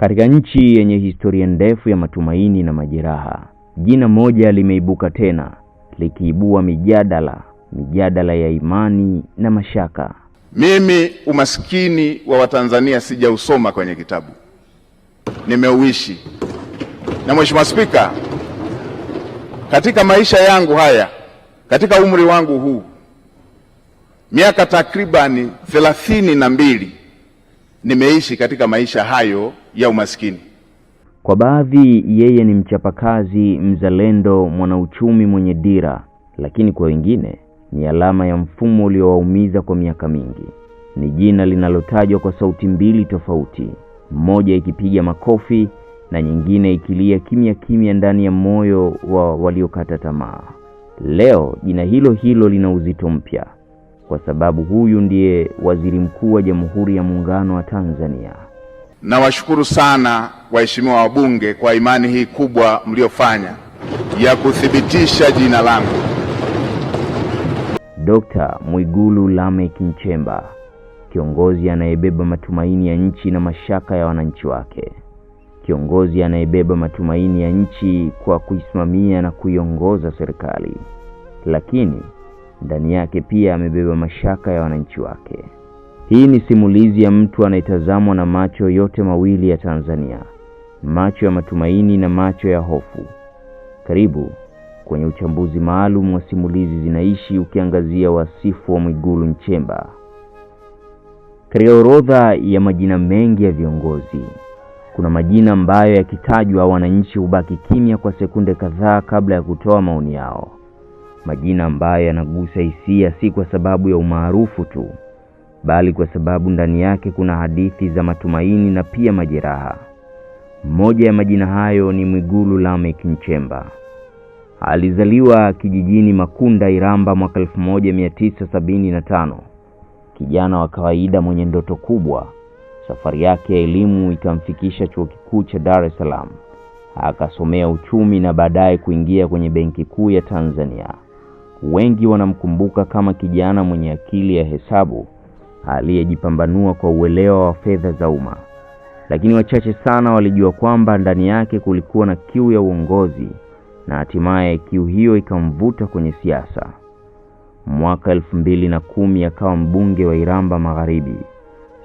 Katika nchi yenye historia ndefu ya matumaini na majeraha, jina moja limeibuka tena likiibua mijadala, mijadala ya imani na mashaka. Mimi umaskini wa Watanzania sijausoma kwenye kitabu, nimeuishi. Na Mheshimiwa Spika, katika maisha yangu haya, katika umri wangu huu, miaka takribani thelathini na mbili nimeishi katika maisha hayo ya umaskini. Kwa baadhi, yeye ni mchapakazi, mzalendo, mwanauchumi mwenye dira, lakini kwa wengine ni alama ya mfumo uliowaumiza kwa miaka mingi. Ni jina linalotajwa kwa sauti mbili tofauti, mmoja ikipiga makofi na nyingine ikilia kimya kimya ndani ya moyo wa waliokata tamaa. Leo jina hilo hilo lina uzito mpya, kwa sababu huyu ndiye Waziri Mkuu wa Jamhuri ya Muungano wa Tanzania. Nawashukuru sana waheshimiwa wabunge kwa imani hii kubwa mliofanya ya kuthibitisha jina langu. Dr. Mwigulu Lameck Nchemba, kiongozi anayebeba matumaini ya nchi na mashaka ya wananchi wake, kiongozi anayebeba matumaini ya nchi kwa kuisimamia na kuiongoza serikali, lakini ndani yake pia amebeba mashaka ya wananchi wake. Hii ni simulizi ya mtu anayetazamwa na macho yote mawili ya Tanzania, macho ya matumaini na macho ya hofu. Karibu kwenye uchambuzi maalum wa simulizi zinaishi, ukiangazia wasifu wa Mwigulu Nchemba. Katika orodha ya majina mengi ya viongozi, kuna majina ambayo yakitajwa wananchi hubaki kimya kwa sekunde kadhaa kabla ya kutoa maoni yao, majina ambayo yanagusa hisia, si kwa sababu ya umaarufu tu bali kwa sababu ndani yake kuna hadithi za matumaini na pia majeraha. Moja ya majina hayo ni Mwigulu Lameck Nchemba. Alizaliwa kijijini Makunda, Iramba mwaka 1975. Kijana wa kawaida mwenye ndoto kubwa. Safari yake ya elimu ikamfikisha Chuo Kikuu cha Dar es Salaam, akasomea uchumi na baadaye kuingia kwenye Benki Kuu ya Tanzania. Wengi wanamkumbuka kama kijana mwenye akili ya hesabu aliyejipambanua kwa uelewa wa fedha za umma, lakini wachache sana walijua kwamba ndani yake kulikuwa na kiu ya uongozi na hatimaye kiu hiyo ikamvuta kwenye siasa. Mwaka elfu mbili na kumi akawa mbunge wa Iramba Magharibi.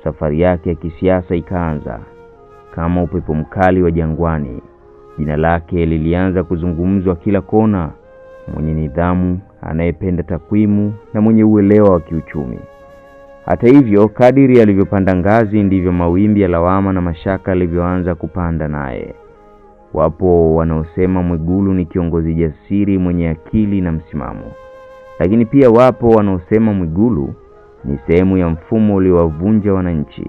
Safari yake ya kisiasa ikaanza kama upepo mkali wa jangwani. Jina lake lilianza kuzungumzwa kila kona, mwenye nidhamu, anayependa takwimu na mwenye uelewa wa kiuchumi. Hata hivyo, kadiri alivyopanda ngazi ndivyo mawimbi ya lawama na mashaka yalivyoanza kupanda naye. Wapo wanaosema Mwigulu ni kiongozi jasiri mwenye akili na msimamo, lakini pia wapo wanaosema Mwigulu ni sehemu ya mfumo uliowavunja wananchi.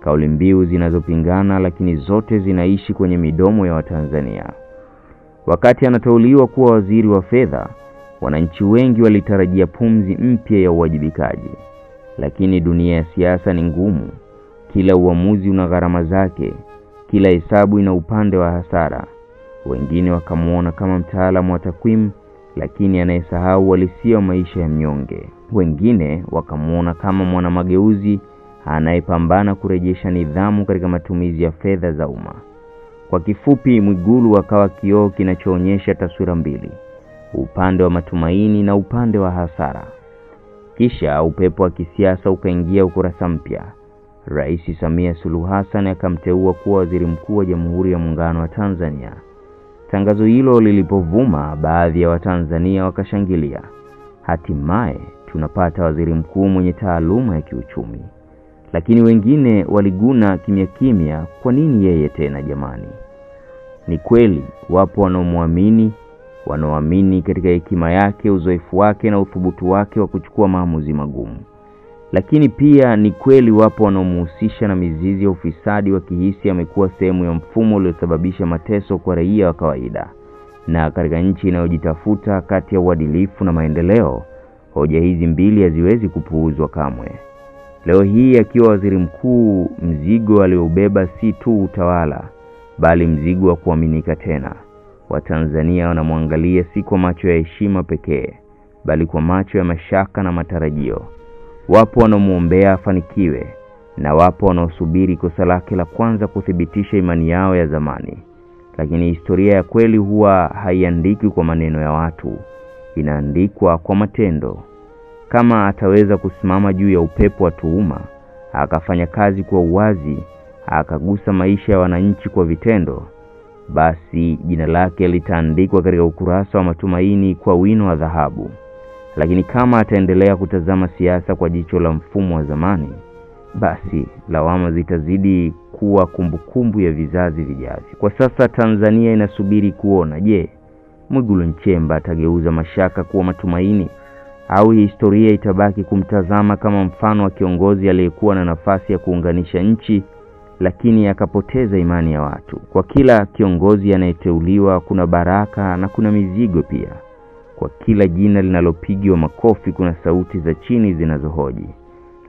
Kauli mbiu zinazopingana, lakini zote zinaishi kwenye midomo ya Watanzania. Wakati anateuliwa kuwa waziri wa fedha, wananchi wengi walitarajia pumzi mpya ya uwajibikaji. Lakini dunia ya siasa ni ngumu. Kila uamuzi una gharama zake, kila hesabu ina upande wa hasara. Wengine wakamwona kama mtaalamu wa takwimu, lakini anayesahau uhalisia wa maisha ya mnyonge. Wengine wakamwona kama mwanamageuzi anayepambana kurejesha nidhamu katika matumizi ya fedha za umma. Kwa kifupi, Mwigulu akawa kioo kinachoonyesha taswira mbili, upande wa matumaini na upande wa hasara. Kisha upepo wa kisiasa ukaingia ukurasa mpya. Rais Samia Suluhu Hassan akamteua kuwa waziri mkuu wa Jamhuri ya Muungano wa Tanzania. Tangazo hilo lilipovuma, baadhi ya Watanzania wakashangilia. Hatimaye tunapata waziri mkuu mwenye taaluma ya kiuchumi. Lakini wengine waliguna kimya kimya, kwa nini yeye tena jamani? Ni kweli wapo wanaomwamini wanaoamini katika hekima yake, uzoefu wake na uthubutu wake wa kuchukua maamuzi magumu. Lakini pia ni kweli, wapo wanaomuhusisha na mizizi ya ufisadi wa kihisi amekuwa sehemu ya mfumo uliosababisha mateso kwa raia wa kawaida. Na katika nchi inayojitafuta kati ya uadilifu na maendeleo, hoja hizi mbili haziwezi kupuuzwa kamwe. Leo hii akiwa waziri mkuu, mzigo aliobeba si tu utawala, bali mzigo wa kuaminika tena. Watanzania wanamwangalia si kwa macho ya heshima pekee, bali kwa macho ya mashaka na matarajio. Wapo wanaomwombea afanikiwe na wapo wanaosubiri kosa lake la kwanza kuthibitisha imani yao ya zamani. Lakini historia ya kweli huwa haiandikwi kwa maneno ya watu, inaandikwa kwa matendo. Kama ataweza kusimama juu ya upepo wa tuhuma, akafanya kazi kwa uwazi, akagusa maisha ya wananchi kwa vitendo, basi jina lake litaandikwa katika ukurasa wa matumaini kwa wino wa dhahabu. Lakini kama ataendelea kutazama siasa kwa jicho la mfumo wa zamani, basi lawama zitazidi kuwa kumbukumbu kumbu ya vizazi vijavyo. Kwa sasa Tanzania inasubiri kuona, je, Mwigulu Nchemba atageuza mashaka kuwa matumaini au historia itabaki kumtazama kama mfano wa kiongozi aliyekuwa na nafasi ya kuunganisha nchi lakini akapoteza imani ya watu. Kwa kila kiongozi anayeteuliwa kuna baraka na kuna mizigo pia. Kwa kila jina linalopigwa makofi kuna sauti za chini zinazohoji.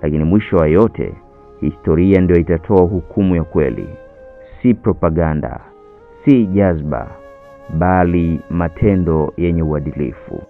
Lakini mwisho wa yote, historia ndio itatoa hukumu ya kweli, si propaganda, si jazba, bali matendo yenye uadilifu.